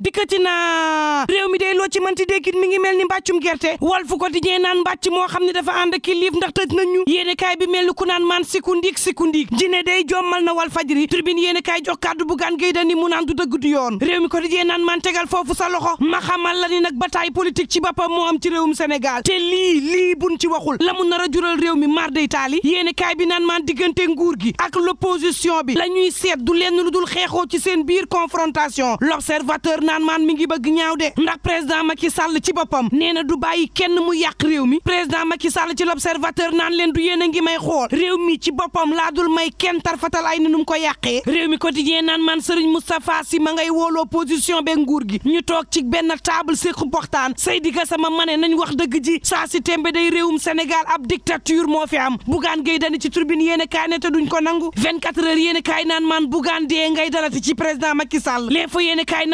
dikkati naa réew mi day loo ci mënti dékkit mi ngi mel ni mbàccum gerte Walf Quotidien naan mbàcc moo xam ne dafa ànd ki liif ndax tëj nañu yéene kaay bi mel ni ku naan maan sikundiik sikundiik jine day jommal na Walf Fadjri tribune yéene kaay jox kàddu bu gaan géy dani mun naan du dëgg du yoon réew mi Quotidien naan maan tegal foofu sa loxo ma xamal la ni nag bataille politique ci boppam moo am ci réewum Sénégal te lii lii buñ ci waxul la mu nar a jural réew mi mar day taali yéene kaay bi naan maan diggante nguur gi ak l'opposition bi la ñuy seet du lenn lu dul xeexoo ci seen biir confrontation l'observateur naan maan mi ngi bëgg ñaaw de ndax président Macky Sall ci boppam nee na du bàyyi kenn mu yàq réew mi président Macky Sall ci l'observateur naan leen du yéen ngi may xool réew mi ci boppam laa dul may kenn tarfatal ay ni nu ko yàqee réew mi quotidien naan maan Serigne Moustapha Sy ma ngay woolu opposition be nguur gi ñu toog ci benn table séqu waxtaan Seydi Gassama ma ne nañ wax dëgg ji saa si tembe day réewum Sénégal ab dictature moo fi am Bougane Gueye Dany ci tribune yéen a kaay ne te ko nangu 24 heures a kaay naan maan Bougane dee ngay dalati ci président Macky Sall l'info yéen a kaay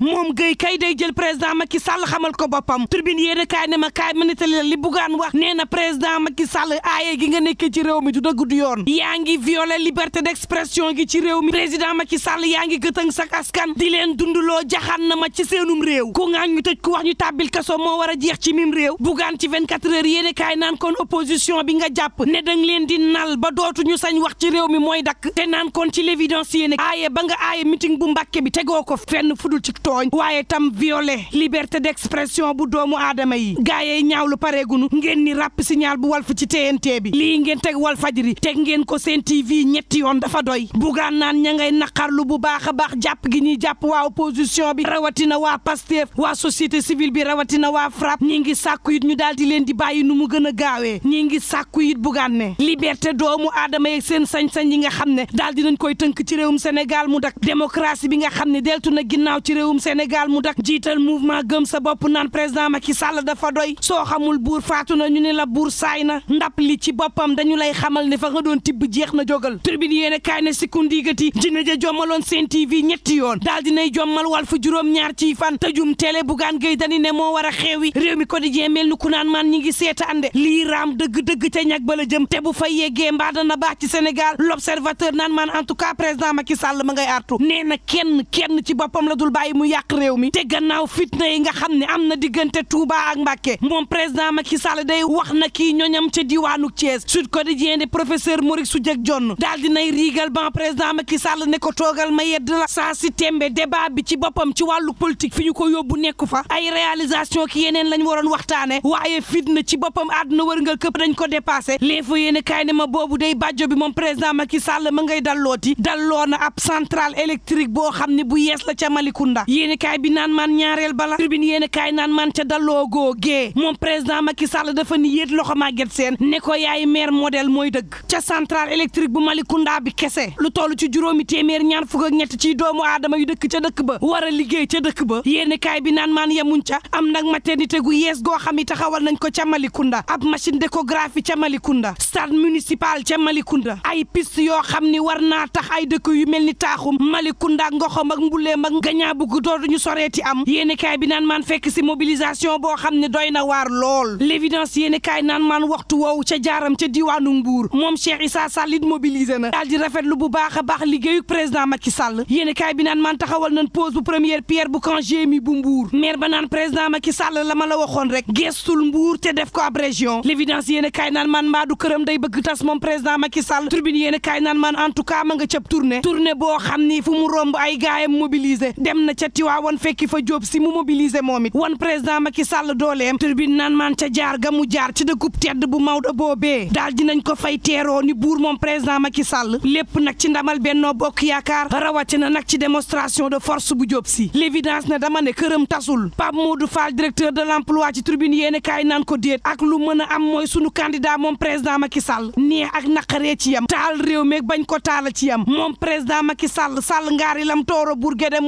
moom Guèye kay day jël président Macky Sall xamal ko boppam tribune yéen a kaay ne ma kaay ma nettali la li bugaan wax nee na président Macky Sall aaye gi nga nekkee ci réew mi du dëgg du yoon yaa ngi violer liberté d'expression gi ci réew mi président Macky Sall yaa ngi gëtëng sak askan di leen dundloo jaxaan na ma ci seenum réew ku ŋaañ ñu tëj ku wax ñu tàbbil kaso moo war a jeex ci mim réew bugaan ci 24 heures yéen a kaay naan kon opposition bi nga jàpp ne dang leen di nal ba dootuñu sañ wax ci réew mi mooy dakk naan kon ci l'évidence yéen aaye ba nga aaye meeting bu Mbàkke bi tegoo ko fenn fudul ci tooñ waaye tam violé liberté d'expression bu doomu aadama yi lu ñaawlu pareegunu ngeen ni ràpp signal bu Walf ci TNT bi lii ngeen teg Walfadjri teg ngeen ko seen TV ñetti yoon dafa doy bugaan naan ña ngay naqarlu bu baax a baax jàpp gi ñuy jàpp waa opposition bi rawatina waa Pastef waa société civile bi rawatina waa FRAPP ñi ngi sàkku it ñu daal di leen di bàyyi nu mu gën a gaawee ñi ngi sàkku it bugaan ne liberte doomu aadama yi seen sañ-sañ yi nga xam ne daal dinañ koy tënk ci réewum Sénégal mu dak démocratie bi nga xam ne deltu na ginnaaw ci réewum réewum Sénégal mu dak jiital mouvement gëm sa bopp naan président Macky Sall dafa doy soo xamul buur faatu na ñu ne la buur saay na ndap li ci boppam dañu lay xamal ne fa nga doon tibb jeex na jógal tribune yéen kaay ne si kundigati dina ja jommaloon seen TV ñetti yoon daal dinay jommal wal fu juróom-ñaar ci fan tëjum télé bugaan gay dani ne moo war a xeewi réew mi quotidien mel ni ku naan man ñi ngi seetaande lii raam dëgg-dëgg ca ñag bala jëm te bu fa yeggee mbaa dana baax ci Sénégal l'observateur naan maan en tout cas président Macky Sall ma ngay artu nee na kenn kenn ci boppam la bàyyi mu yàq réew mi te gannaaw fitna yi nga xam ne am na diggante Touba ak Mbacké moom président ma Macky Sall day wax na kii ñoñam ca diwaanu Thiès Sud Quotidien de professeur Maurice Soudieck Dione daal dinay riigal ban président Macky Sall ne ko toogal ma yedd la saa si tembe débat bi ci boppam ci wàllu politique fi ñu ko yóbbu nekku fa ay réalisation ki yeneen lañ waroon waxtaane waaye fitna ci boppam àdduna wërngal këpp dañ ko dépassé l'info yéen kaay ne ma boobu day bàjjo bi moom président Macky Sall ma ngay dallooti dalloo na ab centrale électrique boo xam ne bu yees la ca Malicounda ba yéeni bi naan man ñaareel bala tribune yéeni kaay naan man ca daloo googee moom président Macky Sall dafa ni yéet loxo Maguette Sène ne ko yaay maire model mooy dëgg ca centrale électrique bu Malicounda bi kese lu toll ci juróomi téeméer ñaar fukk ak ñett ci doomu aadama yu dëkk ca dëkk ba war a liggéey ca dëkk ba yéeni kaay bi naan maan yemuñ ca am nag maternité gu yées goo xam ni taxawal nañ ko ca Malicounda ab machine d'échographie ca Malicounda stade municipal ca malikunda ay piste yoo xam ni war naa tax ay dëkk yu mel ni taaxum Malicounda ngoxom ak mbuleem ak gañaa bugg gu dootuñu soreeti am yéeni kaay bi naan man fekk si mobilisation boo xam ne doy na waar lool l'évidence yéeni kaay naan maan waxtu woowu ca jaaram ca diwaanu Mbuur moom Cheikh Issa Sall it mobilisé na daal rafet lu bu baax a baax liggéeyu président Macky Sall yéeni kaay bi naan maan taxawal nañ pose bu première pierre bu camp GMI bu Mbuur maire ba naan président Macky Sall la ma la waxoon rek gestul Mbuur te def ko ab région l'évidence yéeni kaay naan maan mbaadu këram day bëgg tas moom président Macky Sall tribune yéeni kaay naan maan en tout cas nga cëb tournée tournée boo xam ni fu mu romb ay gaayam mobilisé dem ca Tiwaawan fekki fa Jóob si mu mobiliser moom it wan président Macky Sall dooleem turbine naan man ca jaar ga mu jaar ci dëkkub tedd bu Maodo boobee daal nañ ko fay teeroo ni buur moom président Macky Sall lépp nag ci ndamal Benno Bokk Yaakaar rawatina nag ci démonstration de force bu Jóob si na ne dama ne këram tasul Pape Modou Fall directeur de l'emploi ci tribune yéene kaay naan ko déet ak lu mën a am mooy sunu candidat moom président Macky Sall neex ak naqaree ci yam taal réew meeg bañ ko taala ci yam moom président Macky Sall Sall ngaari lam tooro Bourguédé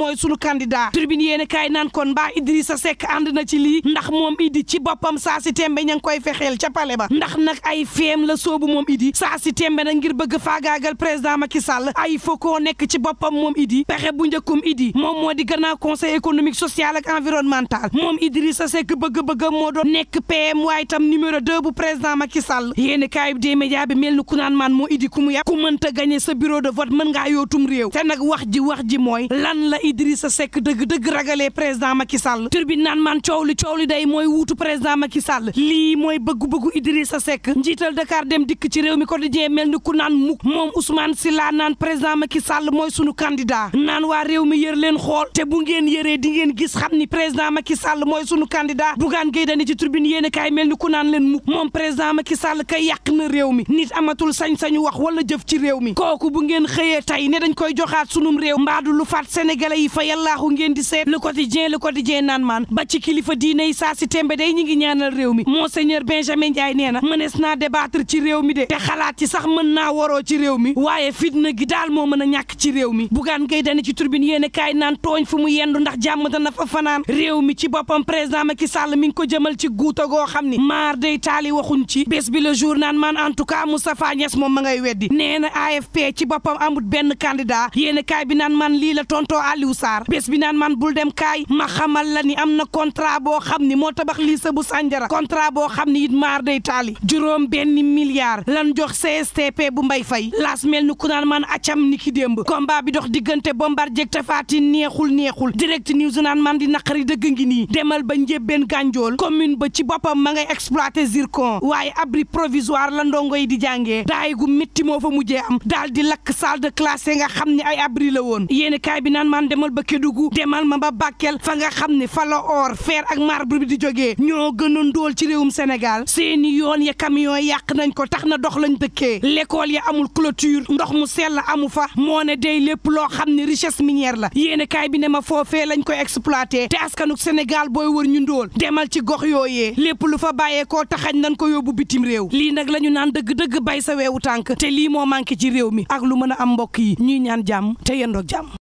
candidat tribune yéen kaay naan kon baa mbaa sa sekk ànd na ci lii ndax moom Idi ci boppam saa si tembe ña ngi koy fexeel ca pale ba ndax nag ay feem la soobu moom Idi sa si tembe na ngir bëgg faagaagal président Macky Sall ay fa nekk ci boppam moom Idi pexe bu njëkkum Idi moom moo di gannaaw conseil économique social ak environnemental moom Idrissa Seck bëgg-bëgg moo doon nekk PM waaye itam numéro 2 bu président Macky Sall yéen kaay bi des bi mel ni ku naan man moo Idi ku mu yàq ku mënta gagné sa bureau de vote mën ngaa réew te nag wax ji wax ji mooy lan la Idrissa Seck dëgg dëgg dëgg ragalee président Macky Sall naan man coow li coow li day mooy wuutu président Macky Sall lii mooy bëggu-bëggu Idrissa Seck njiital dakaar dem dikk ci réew mi ko di mel ni ku naan mukk moom Ousmane Sylla naan président Macky Sall mooy sunu candidat naan waa réew mi yër leen xool te bu ngeen yëree di ngeen gis xam ni président Macky Sall mooy sunu candidat bugaan géy dani ci tribune yéen kaay mel ni ku naan leen mukk moom président Macky Sall kay yàq na réew mi nit amatul sañ-sañu wax wala jëf ci réew mi kooku bu ngeen xëyee tey ne dañ koy joxaat sunum réew mbaadu lu faat sénégalais yi fa ko ngeen di seet le quotidien le quotidien naan maan ba ci kilifa diine yi saa si tembe day ñi ngi ñaanal réew mi monseigneur Benjamin Ndiaye nee na mënees naa débattre ci réew mi de te xalaat ci sax mën naa waroo ci réew mi waaye fitna gi daal moo mën a ñàkk ci réew mi bugaan gay dane ci turbine yéene kaay naan tooñ fu mu yendu ndax jàmm dana fa fanaan réew mi ci boppam président ki Sall mi ngi ko jëmal ci guuta goo xam ni maar day taali waxuñ ci bés bi le jour naan man en tout cas Moustapha Niass moom ma ngay weddi nee na AFP ci boppam amut benn candidat yéene kaay bi naan man lii la tontoo Aliou Sarr bi naan man bul dem kaay ma xamal la ni am na contrat boo xam ni moo tabax lycée bu Sandiara contrat boo xam ni it maar day taali juróom benn milliard lan jox CSTP bu mbay fay laas mel ni ku naan man acam ni ki démb combat bi dox diggante Bombardier Tafatin neexul neexul ni news naan man di naqari dëgg ngi nii demal ba njébbeen gànjool commune ba ci boppam ma ngay exploité zircon waaye abri provisoire la ndongo yi di jàngee daay gu métti moo fa mujjee am daal di lakk salle de classe nga xam ni ay abri la woon yéen kaay bi naan man demal ba Kédougou Kédougou demal ma ba Bakel fa nga xam ne falo la or fer ak mar bi di jógee ñoo gën a ci réewum Sénégal seeni yoon ya camion yàq nañ ko tax na dox lañ dëkkee l'école ya amul clôture ndox mu la amu fa moone ne lépp loo xam ne richesse minière la yéene kaay bi ne ma foofee lañ koy exploité te askanu Sénégal booy wër ñu ndóol demal ci gox yooyee lépp lu fa bàyyeekoo taxañ nañ ko yóbbu bitim réew lii nag la ñu naan dëgg-dëgg bay sa weewu tànk te lii moo manqué ci réew mi ak lu mën a am mbokk yi ñuy ñaan jàmm te